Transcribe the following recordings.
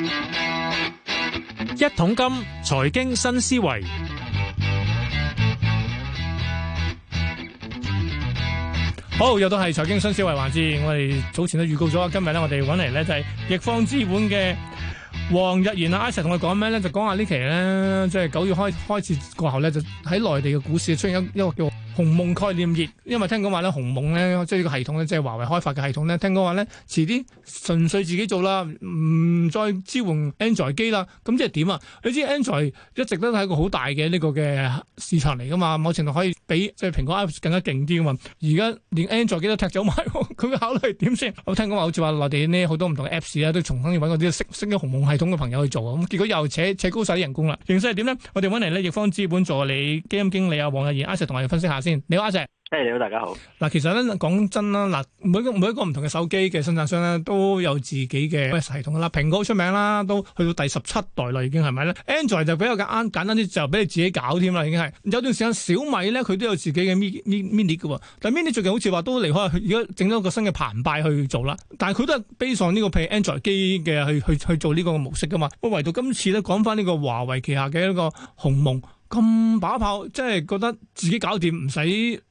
一桶金財經新思維，好，又都係財經新思維環節。我哋早前都預告咗，今日咧我哋揾嚟咧，就係易方資本嘅王逸研阿 Sir 同我講咩咧？就講下呢期咧，即係九月開開始過後咧，就喺內地嘅股市出現一一個叫。鴻蒙概念熱，因為聽講話咧鴻蒙咧即係呢個系統咧，即係華為開發嘅系統咧。聽講話咧，遲啲純粹自己做啦，唔再支援 Android 機啦。咁即係點啊？你知 Android 一直都係一個好大嘅呢個嘅市場嚟噶嘛？某程度可以比即係蘋果 Apps 更加勁啲嘛。而家連 Android 機都踢走埋，佢會考慮係點先？我聽講話好似話內地呢好多唔同 Apps 啦，都重新要揾嗰啲識識咗鴻蒙系統嘅朋友去做啊。咁結果又扯扯高手啲人工啦。形勢係點咧？我哋揾嚟咧，易方資本助理基金經理啊，王逸研一齊同我哋分析下先。你好，阿石，hey，你好，大家好。嗱，其實咧講真啦，嗱，每個每一個唔同嘅手機嘅生產商咧，都有自己嘅系統啦。蘋果出名啦，都去到第十七代啦，已經係咪咧？Android 就比較簡單簡單啲，就俾你自己搞添啦，已經係。有段時間小米咧，佢都有自己嘅 Mi Mi Mini 嘅，但 Mini 最近好似話都離開，而家整咗個新嘅澎湃去做啦。但係佢都係 b 上呢個 p i Android 機嘅去去去做呢個模式噶嘛。咁唯獨今次咧，講翻呢個華為旗下嘅一個鴻蒙。咁把炮，即係覺得自己搞掂，唔使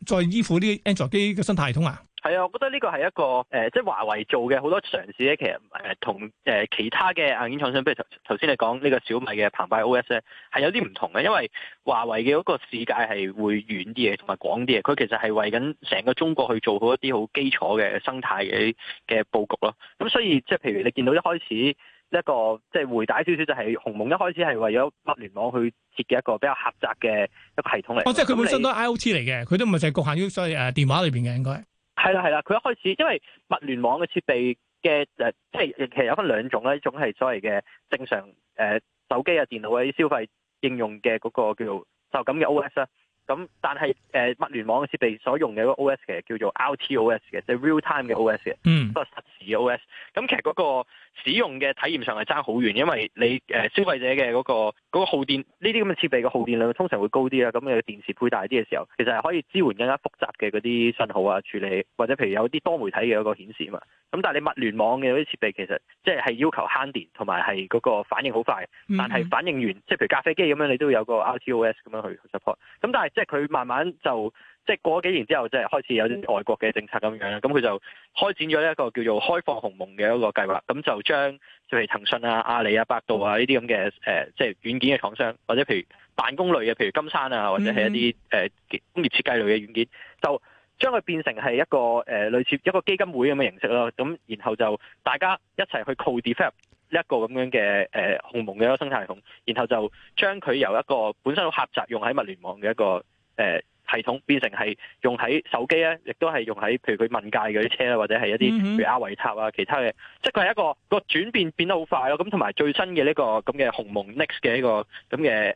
再依附呢啲 Android 機嘅生態系統啊？係啊，我覺得呢個係一個誒、呃，即係華為做嘅好多嘗試咧。其實誒同誒其他嘅硬件廠商，譬如頭頭先你講呢個小米嘅澎湃 OS 咧，係有啲唔同嘅。因為華為嘅嗰個視界係會遠啲嘅，同埋廣啲嘅。佢其實係為緊成個中國去做好一啲好基礎嘅生態嘅嘅佈局咯。咁所以即係譬如你見到一開始。一個即係回帶少少，就係鴻蒙一開始係為咗物聯網去設計一個比較狹窄嘅一個系統嚟。哦，即係佢本身都係 IOT 嚟嘅，佢都唔係淨係侷限於所謂誒電話裏邊嘅應該。係啦係啦，佢一開始因為物聯網嘅設備嘅誒，即、呃、係其實有分兩種啦。一種係所謂嘅正常誒、呃、手機啊、電腦嗰啲消費應用嘅嗰個叫做就咁嘅 OS 啦、嗯。咁但係誒物聯網嘅設備所用嘅嗰個 OS 其實叫做 RTOS 嘅，即係 real time 嘅 OS 嘅，嗰個、mm. 實時 OS。咁其實嗰個使用嘅體驗上係爭好遠，因為你誒、呃、消費者嘅嗰個嗰個耗電，呢啲咁嘅設備嘅耗電量通常會高啲啦。咁你嘅電池配大啲嘅時候，其實係可以支援更加複雜嘅嗰啲信號啊處理，或者譬如有啲多媒體嘅嗰個顯示啊嘛。咁但係你物聯網嘅嗰啲設備其實即係係要求慳電同埋係嗰個反應好快，但係反應完、mm hmm. 即係譬如咖啡機咁樣，你都要有個 RTOS 咁樣去 support。咁但係即係佢慢慢就即係過咗幾年之後，即係開始有啲外國嘅政策咁樣啦。咁佢就開展咗一個叫做開放鴻蒙嘅一個計劃。咁就將即係騰訊啊、阿里啊、百度啊呢啲咁嘅誒，即係、呃就是、軟件嘅廠商，或者譬如辦公類嘅，譬如金山啊，或者係一啲誒、呃、工業設計類嘅軟件，就。將佢變成係一個誒、呃、類似一個基金會咁嘅形式咯，咁然後就大家一齊去 co-develop 一個咁樣嘅誒鴻蒙嘅一個生態系統，然後就將佢由一個本身好狹窄用喺物聯網嘅一個誒、呃、系統，變成係用喺手機咧，亦都係用喺譬如佢問界嗰啲車啦，或者係一啲譬、mm hmm. 如阿維塔啊其他嘅，即係佢係一個個轉變變得好快咯。咁同埋最新嘅呢、這個咁嘅鴻蒙 Next 嘅一個咁嘅誒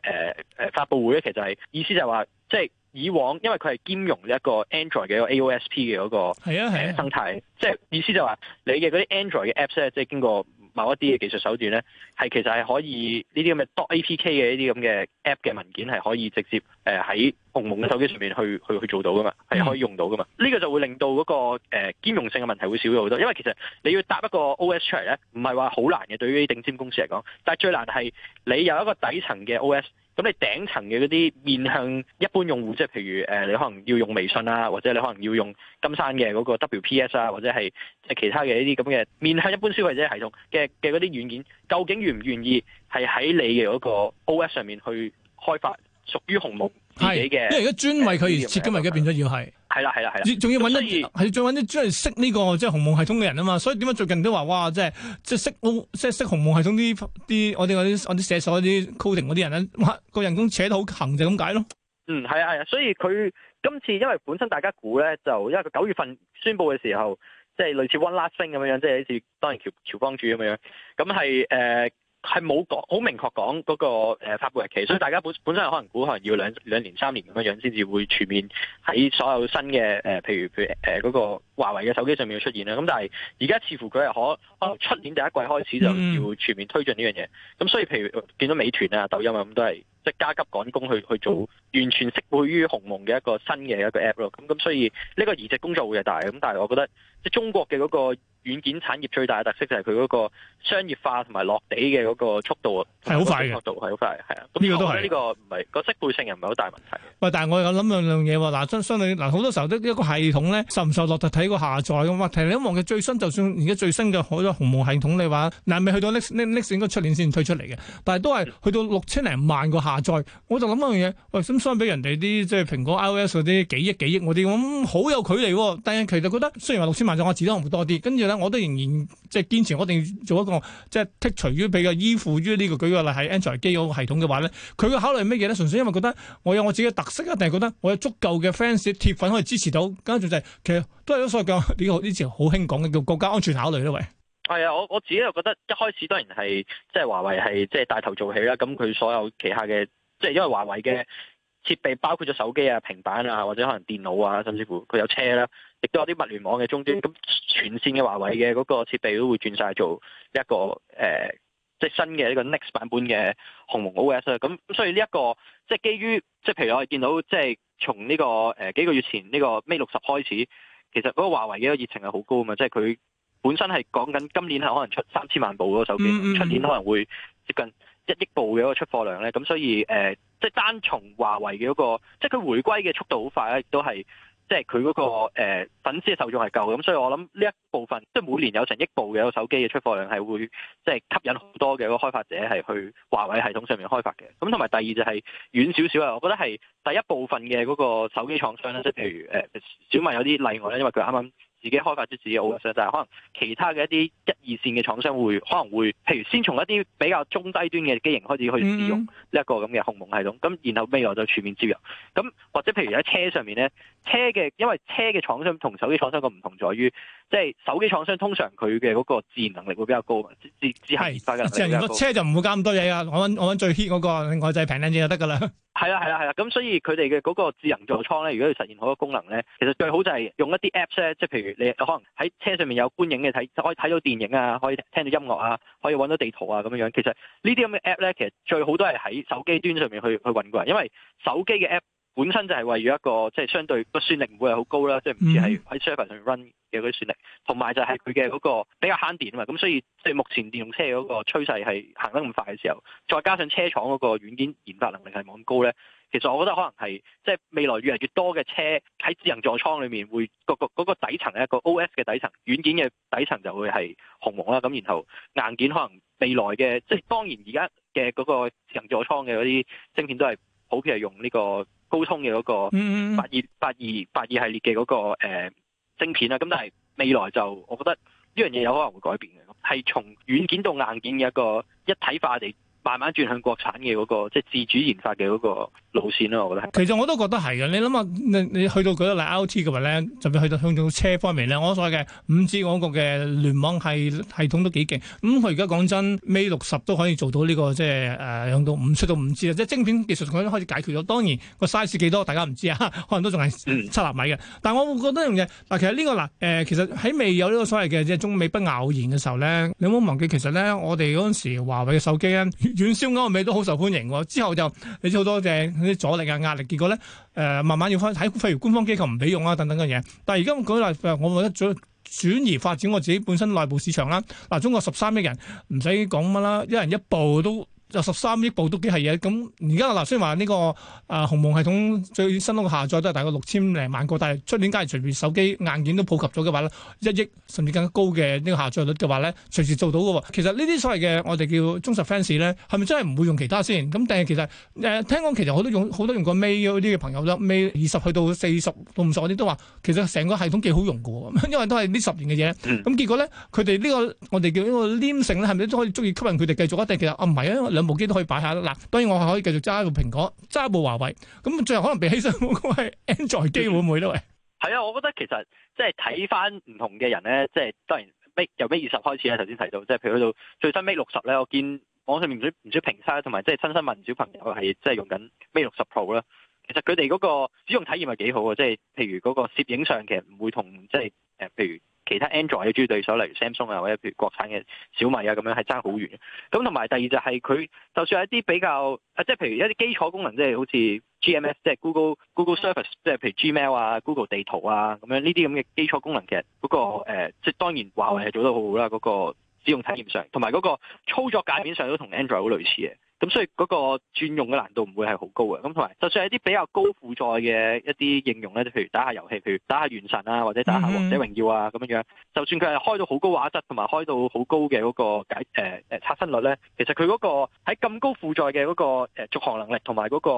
誒發佈會咧，其實係意思就係、是、話、就是、即係。以往，因為佢係兼容一個 Android 嘅一個 AOSP 嘅嗰個啊係啊生態，即係、啊、意思就話、是、你嘅嗰啲 Android 嘅 Apps 咧，即係經過某一啲嘅技術手段咧，係其實係可以呢啲咁嘅多 APK 嘅呢啲咁嘅 App 嘅文件係可以直接誒喺鴻蒙嘅手機上面去去去做到噶嘛，係可以用到噶嘛。呢、嗯、個就會令到嗰、那個、呃、兼容性嘅問題會少咗好多，因為其實你要搭一個 OS 出嚟咧，唔係話好難嘅，對於啲頂尖公司嚟講，但係最難係你有一個底層嘅 OS。咁你頂層嘅嗰啲面向一般用戶，即係譬如誒，你可能要用微信啊，或者你可能要用金山嘅嗰個 WPS 啊，或者係即其他嘅一啲咁嘅面向一般消費者系統嘅嘅嗰啲軟件，究竟願唔願意係喺你嘅嗰個 OS 上面去開發？屬於鴻蒙自己嘅，因為而家專為佢而設計為，而家變咗要係，係啦係啦係啦，仲要揾一係，仲要揾啲專係識呢個即係鴻蒙系統嘅人啊嘛，所以點解最近都話哇，即係即係識即係識鴻蒙系統啲啲我哋嗰啲啲寫手嗰啲 coding 嗰啲人咧，哇個人工扯得好勁就咁、是、解咯。嗯，係啊係啊，所以佢今次因為本身大家估咧，就因為佢九月份宣布嘅時候，即係類似 one last thing 咁樣即係好似當年喬喬幫主咁樣樣，咁係誒。呃係冇講好明確講嗰、那個誒、呃、發佈日期，所以大家本本身係可能估可能要兩兩年三年咁樣樣先至會全面喺所有新嘅誒、呃，譬如譬如誒嗰個華為嘅手機上面出現啦。咁但係而家似乎佢係可，可能出年第一季開始就要全面推進呢樣嘢，咁、嗯嗯、所以譬如見到美團啊、抖音啊咁都係。即加急趕工去去做，完全適配於鴻蒙嘅一個新嘅一個 app 咯。咁咁，所以呢個移植工作會係大嘅。咁但係我覺得，即係中國嘅嗰個軟件產業最大嘅特色就係佢嗰個商業化同埋落地嘅嗰個速度啊，係好快速度，係好快，係啊。呢這樣 是個都係呢個唔係個適配性又唔係好大問題。喂，但係我有諗兩樣嘢喎。嗱，相相對嗱，好多時候都一個系統咧，受唔受落就睇個下載咁啊。提你都望嘅最新，就算而家最新嘅好多鴻蒙系統，你話嗱未去到歷歷歷應該出年先推出嚟嘅，但係都係去到六千零萬個下載我就諗一樣嘢，喂，咁相比人哋啲即係蘋果 iOS 嗰啲幾億幾億，我啲咁好有距離，但係其實覺得雖然話六千萬就我自己可能多啲，跟住咧我都仍然即係堅持，我一定要做一個即係剔除於比較依附於呢、這個舉個例係 Android 機嗰個系統嘅話咧，佢嘅考慮係乜嘢咧？純粹因為覺得我有我自己嘅特色啊，定係覺得我有足夠嘅 fans 鐵粉可以支持到？跟住就係、是、其實都係咁所謂講呢個呢次好興講嘅叫國家安全考慮啦、啊，喂。係啊，我我自己又覺得一開始當然係即係華為係即係帶頭做起啦。咁佢所有旗下嘅即係因為華為嘅設備包括咗手機啊、平板啊，或者可能電腦啊，甚至乎佢有車啦、啊，亦都有啲物聯網嘅終端。咁全線嘅華為嘅嗰個設備都會轉晒做一個誒、呃，即係新嘅呢、這個 Next 版本嘅鴻蒙 OS 啦、啊。咁咁所以呢、這、一個即係基於即係譬如我哋見到即係從呢、這個誒、呃、幾個月前呢、這個 Mate 六十開始，其實嗰個華為嘅熱情係好高啊嘛，即係佢。本身係講緊今年係可能出三千萬部嗰個手機，出年可能會接近一億部嘅一個出貨量咧。咁所以誒、呃，即係單從華為嘅嗰、那個，即係佢回歸嘅速度好快咧，亦都係即係佢嗰個、呃、粉絲嘅受眾係夠。咁所以我諗呢一部分，即係每年有成億部嘅手機嘅出貨量係會即係吸引好多嘅嗰個開發者係去華為系統上面開發嘅。咁同埋第二就係遠少少呀，我覺得係第一部分嘅嗰個手機廠商咧，即係譬如誒、呃、小米有啲例外咧，因為佢啱啱。自己開發出自己嘅模式，就係可能其他嘅一啲一二線嘅廠商會可能會，譬如先從一啲比較中低端嘅機型開始去使用呢一個咁嘅鴻蒙系統，咁然後未來再全面接入。咁或者譬如喺車上面咧，車嘅因為車嘅廠商同手機廠商個唔同在於，即係手機廠商通常佢嘅嗰個自然能力會比較高，只只係。係，自然能力比較高。車就唔會加咁多嘢啊！我揾我揾最 hit 嗰個外製平靚就得㗎啦。 係啦，係啦，係啦，咁所以佢哋嘅嗰個智能座艙咧，如果要實現好多功能咧，其實最好就係用一啲 Apps 咧，即係譬如你可能喺車上面有觀影嘅睇，可以睇到電影啊，可以聽到音樂啊，可以揾到地圖啊咁樣樣。其實呢啲咁嘅 App 咧，其實最好都係喺手機端上面去去運過嚟，因為手機嘅 App 本身就係為咗一個即係、就是、相對個算力唔會係好高啦，即係唔似係喺 server 上 run。嘅佢算力，同埋就係佢嘅嗰個比較慳電啊嘛，咁所以即係目前電動車嗰個趨勢係行得咁快嘅時候，再加上車廠嗰個軟件研發能力係冇咁高咧，其實我覺得可能係即係未來越嚟越多嘅車喺智能座艙裏面會嗰、那個嗰、那個底層咧、那個 OS 嘅底層軟件嘅底層就會係鴻蒙啦，咁然後硬件可能未來嘅即係當然而家嘅嗰個智能座艙嘅嗰啲晶片都係普遍係用呢個高通嘅嗰個八二八二八二系列嘅嗰、那個、呃晶片啊，咁但係未來就，我覺得呢樣嘢有可能會改變嘅，係從軟件到硬件嘅一個一體化嘅。慢慢轉向國產嘅嗰個，即係自主研發嘅嗰個路線咯，我覺得。其實我都覺得係嘅，你諗下，你你去到嗰個 lat 五 G 嘅話咧，甚至去到向到車方面咧，我所謂嘅五 G 嗰個嘅聯網係系統都幾勁。咁佢而家講真，Mate 60都可以做到呢個即係誒向到五出到五 G 啊！即係晶片技術佢都開始解決咗。當然個 size 幾多大家唔知啊，可能都仲係七納米嘅。但係我會覺得一樣嘢嗱，其實呢個嗱誒，其實喺未有呢個所謂嘅即係中美不咬言嘅時候咧，你冇忘記其實咧，我哋嗰陣時華為嘅手機咧。遠銷嗰個味都好受歡迎喎。之後就你知好多嘅啲阻力啊、壓力，結果咧誒、呃，慢慢要開喺譬如官方機構唔俾用啊等等嘅嘢，但係而家舉例，我我覺得轉轉移發展我自己本身內部市場啦，嗱中國十三億人唔使講乜啦，一人一部都。就十三億部都幾係嘢，咁而家我嗱雖然話呢、這個啊鴻、呃、蒙系統最新嗰個下載都係大概六千零萬個，但係出年梗係隨便手機硬件都普及咗嘅話咧，一億甚至更加高嘅呢個下載率嘅話咧，隨時做到嘅。其實呢啲所謂嘅我哋叫忠實 fans 咧，係咪真係唔會用其他先？咁但係其實誒、呃、聽講其實好多用好多用過 Mate 嗰啲嘅朋友啦 Mate 二十去到四十到五十嗰啲都話其實成個系統幾好用嘅，因為都係呢十年嘅嘢。咁、嗯、結果咧，佢哋呢個我哋叫呢個黏性咧，係咪都可以足以吸引佢哋繼續一定其實啊唔係啊。部機都可以擺下啦，嗱，當然我可以繼續揸一部蘋果，揸部華為，咁最後可能被犧牲嘅係 Android 機會唔會咧？喂，係啊，我覺得其實即係睇翻唔同嘅人咧，即係當然 Mate 由 Mate 二十開始啊，頭先提到，即係譬如到最新 Mate 六十咧，我見網上面唔少唔少評晒，同埋即係親身問小朋友係即係用緊 Mate 六十 Pro 啦，其實佢哋嗰個使用體驗係幾好啊，即係譬如嗰個攝影上其實唔會同即係誒、呃，譬如。其他 Android 嘅主要對手，例如 Samsung 啊，或者譬如國產嘅小米啊，咁樣係爭好遠。咁同埋第二就係佢，就算係一啲比較，啊、即係譬如一啲基礎功能，即係好似 GMS，即係 Google Google Service，即係譬如 Gmail 啊、Google 地圖啊，咁樣呢啲咁嘅基礎功能，嘅、嗰個，其實嗰個誒，即係當然華為係做得好好啦，嗰、嗰個使用體驗上，同埋嗰個操作界面上都同 Android 好類似嘅。咁、嗯、所以嗰個轉用嘅難度唔會係好高嘅，咁同埋就算係一啲比較高負載嘅一啲應用咧，譬如打下遊戲，譬如打下原神啊，或者打下王者榮耀啊咁樣，就算佢係開到好高畫質，同埋開到好高嘅嗰個解誒誒、呃呃、刷新率咧，其實佢嗰個喺咁高負載嘅嗰個誒、呃、續航能力同埋嗰個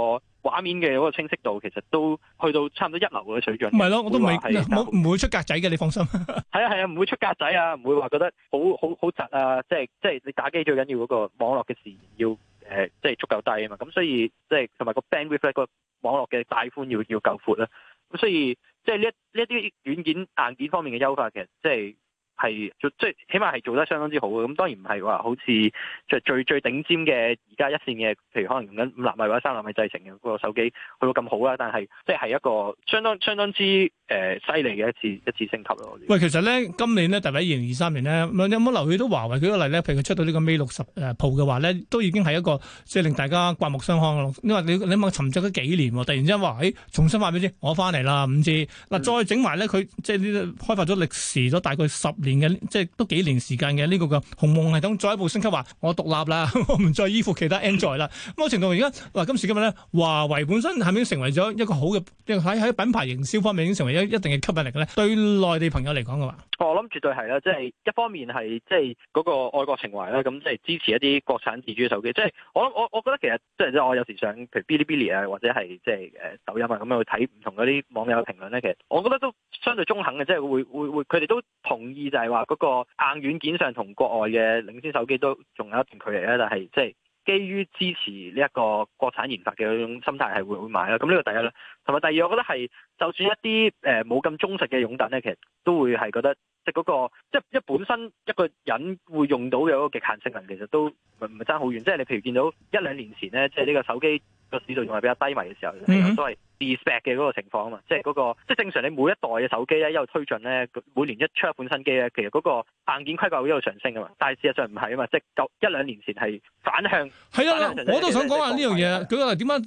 畫面嘅嗰個清晰度，其實都去到差唔多一流嘅水準。唔係咯，會我都唔未唔會出格仔嘅，你放心。係啊係啊，唔會出格仔啊，唔會話覺得好好好窒啊，即係即係你打機最緊要嗰個網絡嘅時延要。誒，即係足夠低啊嘛，咁所以即係同埋個 bandwidth 個網絡嘅帶寬要要夠闊啦，咁所以即係呢一呢一啲軟件硬件方面嘅優化，其實即係係做即係起碼係做得相當之好嘅，咁當然唔係話好似即係最最最頂尖嘅而家一線嘅，譬如可能用緊五納米或者三納米製程嘅嗰個手機去到咁好啦，但係即係係一個相當相當之。誒，犀利嘅一次一次升級咯。喂，其實咧今年呢，特別喺二零二三年咧，你有冇留意到華為舉個例咧？譬如佢出到呢個 Mate 六十誒 Pro 嘅話咧，都已經係一個即係令大家刮目相看咯。你話你你問沉寂咗幾年，突然之間話誒重新話畀你知，我翻嚟啦五 G。嗱、啊、再整埋咧，佢、嗯、即係呢啲開發咗歷時咗大概十年嘅，即係都幾年時間嘅呢個嘅鴻蒙系統，再一步升級話我獨立啦，我唔 再依附其他 Android 啦。咁嘅程度而家嗱今時今日咧，華為本身係咪已經成為咗一個好嘅喺喺品牌營銷方面已經成為。有一定嘅吸引力嘅咧，對內地朋友嚟講嘅話，我諗絕對係啦。即係一方面係即係嗰個愛國情懷咧，咁即係支持一啲國產自主嘅手機。即係我我我覺得其實即係即係我有時上譬如嗶哩嗶哩啊，或者係即係誒抖音啊，咁去睇唔同嗰啲網友嘅評論咧，其實我覺得都相對中肯嘅，即係會會會佢哋都同意就係話嗰個硬軟件上同國外嘅領先手機都仲有一段距離咧，但係即係，就是基於支持呢一個國產研發嘅嗰種心態係會唔會買啦，咁呢個第一啦，同埋第二，我覺得係就算一啲誒冇咁忠實嘅擁躉咧，其實都會係覺得、就是那個、即係嗰個即係一本身一個人會用到嘅個極限性能，其實都唔係爭好遠。即係你譬如見到一兩年前咧，即係呢個手機個市道仲係比較低迷嘅時候，嗯、mm，都係。respect 嘅嗰個情況啊嘛，即係嗰個即係正常。你每一代嘅手機咧一路推進咧，每年一出一款新機咧，其實嗰個硬件規格會一路上升啊嘛。但係事實上唔係啊嘛，即係九一兩年前係反向。係啊，我都想講下呢樣嘢。舉個例，點解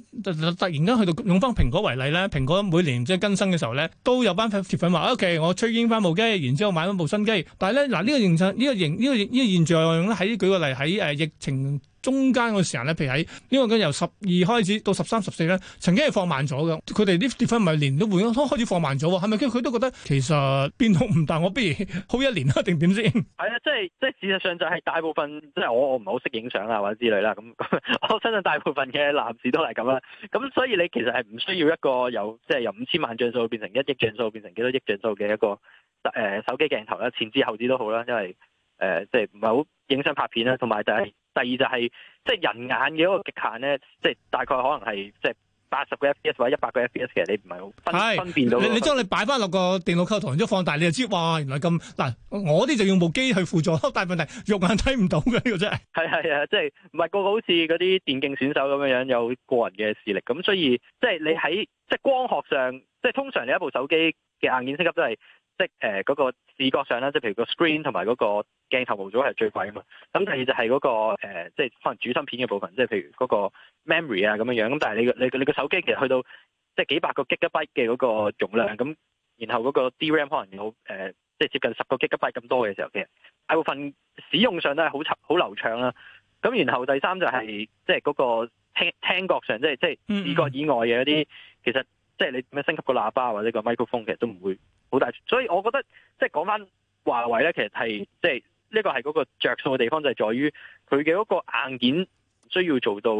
突然間去到用翻蘋果為例咧？蘋果每年即係更新嘅時候咧，都有班鐵粉話：O K，我吹完翻部機，然之後買翻部新機。但係咧，嗱、這、呢個現象呢、這個現呢個呢個現象咧，喺舉個例喺誒疫情。中間嗰個時間咧，譬如喺呢個佢由十二開始到十三、十四咧，曾經係放慢咗嘅。佢哋啲跌分唔係年都換咗，都開始放慢咗喎。係咪？跟佢都覺得其實變好唔大，我不如好一年啦，定點先？係啊，即係即係事實上就係大部分，即係我我唔係好識影相啊或者之類啦。咁 我相信大部分嘅男士都係咁啦。咁所以你其實係唔需要一個即由即係由五千萬像素變成一億像素變成幾多億像素嘅一個誒、呃、手機鏡頭啦，前置後置都好啦，因為誒、呃、即係唔係好影相拍片啦，同埋就係。第二就係、是、即係人眼嘅一個極限咧，即係大概可能係即係八十個 fps 或者一百個 fps，其實你唔係好分是分辨到分你，你你將你擺翻落個電腦構圖，然後放大，你就知哇，原來咁。嗱，我啲就用部機去輔助，但係問題肉眼睇唔到嘅呢個真係。係係啊，即係唔係個個好似嗰啲電競選手咁樣樣有個人嘅視力，咁所以即係你喺即係光學上，即係通常你一部手機嘅硬件升級都係。即係誒嗰個視覺上啦，即係譬如個 screen 同埋嗰個鏡頭模組係最貴嘅嘛。咁第二就係嗰、那個、呃、即係可能主芯片嘅部分，即係譬如嗰個 memory 啊咁樣樣。咁但係你個你你個手機其實去到即係幾百個 gigabyte 嘅嗰個容量，咁然後嗰個 DRAM 可能有誒、呃，即係接近十個 gigabyte 咁多嘅時候，其實大部分使用上都係好好流暢啦、啊。咁然後第三就係、是、即係嗰個聽聽覺上，即係即係視覺以外嘅一啲，嗯嗯其實即係你咩升級個喇叭或者個 microphone 其實都唔會。好大，所以我覺得即係講翻華為咧，其實係即係呢個係嗰個着數嘅地方，就係、是、在於佢嘅嗰個硬件唔需要做到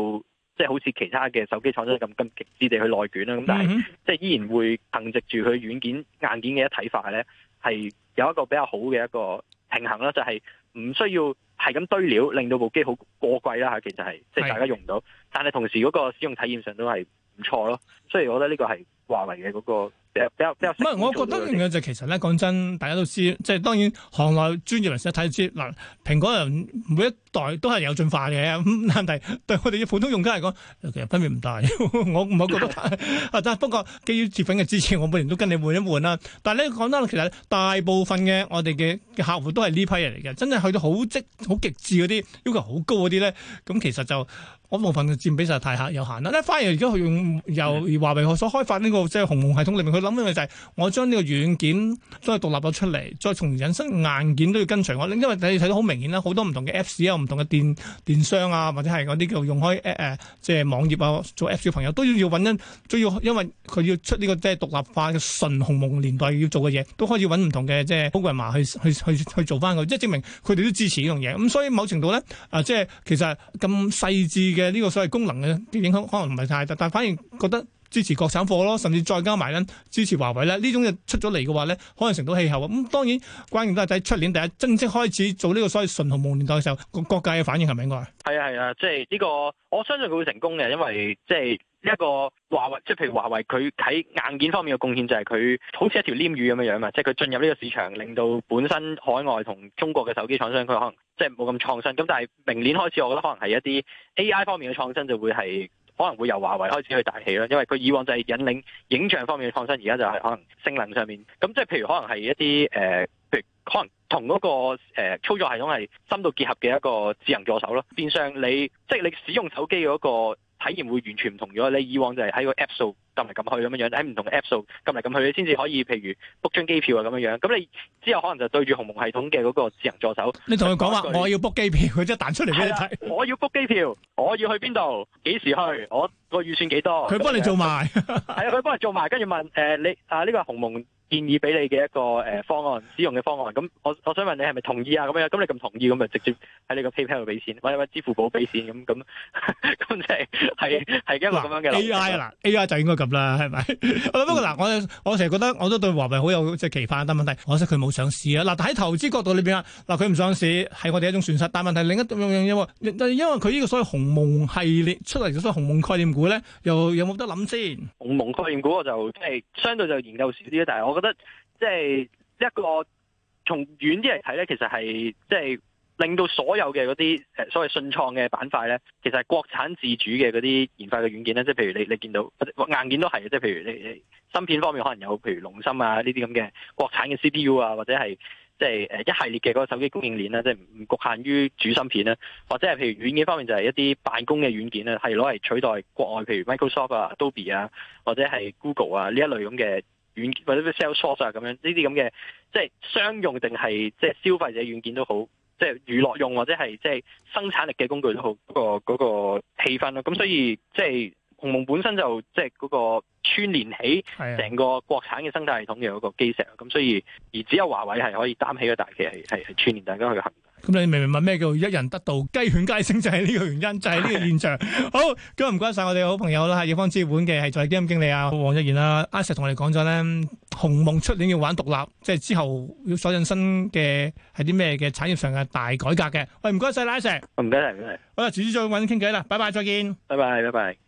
即係好似其他嘅手機廠商咁咁極致地去內卷啦。咁但係即係依然會憑藉住佢軟件硬件嘅一體化咧，係有一個比較好嘅一個平衡啦。就係、是、唔需要係咁堆料，令到部機好過貴啦。吓，其實係是即係大家用唔到，但係同時嗰個使用體驗上都係唔錯咯。所以我覺得呢個係華為嘅嗰、那個。唔係，我覺得就其實咧，講真，大家都知，即係當然行內專業人士都睇得知。嗱，蘋果人每一代都係有進化嘅，但係對我哋嘅普通用家嚟講，其實分別唔大。 我唔係覺得， 不過基於接粉嘅支持，我每年都跟你換一換啦。但係呢，講真，其實大部分嘅我哋嘅嘅客戶都係呢批人嚟嘅。真係去到好即好極致嗰啲要求好高嗰啲咧，咁其實就我部分嘅佔比實在太客有限啦。咧反而而家佢用由華為學所開發呢個即係鴻蒙系統裡面。我諗嘅就係，我將呢個軟件都係獨立咗出嚟，再從引申硬件都要跟隨我。因為你睇到好明顯啦，好多唔同嘅 Apps 有唔同嘅電電商啊，或者係嗰啲叫用開誒即係網頁啊，做 Apps 嘅朋友都要要揾因，都要，要因為佢要出呢、這個即係獨立化嘅純鴻蒙年代要做嘅嘢，都開始揾唔同嘅即係好鬼麻去去去，去做翻佢，即係證明佢哋都支持呢樣嘢。咁、嗯、所以某程度咧，啊、呃，即係其實咁細緻嘅呢個所謂功能嘅影響，可能唔係太大，但係反而覺得。支持國產貨咯，甚至再加埋咧支持華為咧，呢種嘢出咗嚟嘅話咧，可能成到氣候啊！咁、嗯、當然關鍵都係睇出年第一正式開始做呢、這個所謂純鴻蒙年代嘅時候，各，各界嘅反應係咪應該？係啊係啊，即係呢個我相信佢會成功嘅，因為即係一個華為，即、就、係、是、譬如華為佢喺硬件方面嘅貢獻就係佢好似一條鯰魚咁樣樣啊，即係佢進入呢個市場，令到本身海外同中國嘅手機廠商佢可能即係冇咁創新，咁但係明年開始，我覺得可能係一啲 AI 方面嘅創新就會係。可能會由華為開始去大氣啦，因為佢以往就係引領影像方面嘅創新，而家就係可能性能上面，咁即係譬如可能係一啲誒、呃，譬如可能同嗰個、呃、操作系統係深度結合嘅一個智能助手咯，變相你即係、就是、你使用手機嗰個。體驗會完全唔同咗，你以往就係喺個 App 數撳嚟撳去咁樣樣，喺唔同 App 數撳嚟撳去，你先至可以，譬如 book 張機票啊咁樣樣。咁你之後可能就對住鴻蒙系統嘅嗰個智能助手，你同佢講話我要 book 機票，佢即係彈出嚟俾你睇。係啦、啊，我要 book 機票，我要去邊度，幾時去，我個預算幾多，佢幫你做埋。係啊，佢幫、 啊、你做埋，跟住問誒、呃，你啊呢、這個鴻蒙。建議俾你嘅一個誒、呃、方案，使用嘅方案咁，我我想問你係咪同意啊？咁樣咁你咁同意咁就直接喺你個 PayPal 度俾錢，或者揾支付寶俾錢咁咁咁，即係係係一個咁樣嘅諗法。A.I. 嗱 A.I. 就應該咁啦，係咪？ 不過嗱、嗯，我我成日覺得我都對華為好有即係期盼，但問題可惜佢冇上市啊。嗱，喺投資角度裏邊啊，嗱佢唔上市係我哋一種損失，但問題另一樣嘢，因為佢呢個所謂鴻蒙系列出嚟，所謂鴻蒙概念股咧，又有冇得諗先？鴻蒙概念股，我就即係相對就研究少啲，但係我。覺得即係一個從遠啲嚟睇咧，其實係即係令到所有嘅嗰啲誒所謂信創嘅板塊咧，其實係國產自主嘅嗰啲研發嘅軟件咧，即係譬如你你見到硬件都係嘅，即係譬如你芯片方面可能有譬如龍芯啊呢啲咁嘅國產嘅 CPU 啊，或者係即係誒一系列嘅嗰個手機供應鏈咧、啊，即係唔局限於主芯片咧、啊，或者係譬如軟件方面就係一啲辦公嘅軟件咧、啊，係攞嚟取代國外譬如 Microsoft 啊、Adobe 啊或者係 Google 啊呢一類咁嘅。軟或者 sales source 啊咁樣呢啲咁嘅，即係商用定係即係消費者軟件都好，即係娛樂用或者係即係生產力嘅工具都好，嗰、那個嗰、那個、氣氛咯、啊。咁所以即係鴻蒙本身就即係嗰、那個串連起成個國產嘅生態系統嘅嗰個基石。咁所以而只有華為係可以擔起個大旗，係係串連大家去行。咁你明唔明白咩叫一人得道雞犬皆升？就係呢個原因，就係、是、呢個現象。 好，咁唔該晒我哋好朋友啦，係易方資本嘅係做基金經理啊，王逸研啊，阿石我同我哋講咗咧，鴻蒙出年要玩獨立，即、就、係、是、之後要所引申嘅係啲咩嘅產業上嘅大改革嘅。喂、 哎，唔該晒阿石，唔該晒，好啦，遲啲再搵傾偈啦，拜拜，再見，拜拜，拜拜。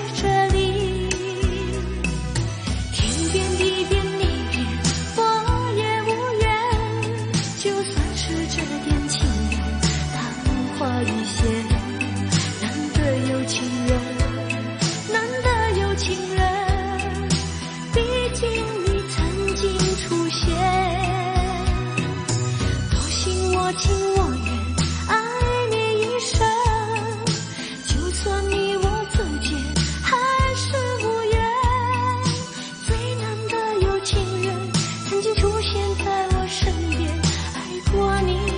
在我身邊，愛過你。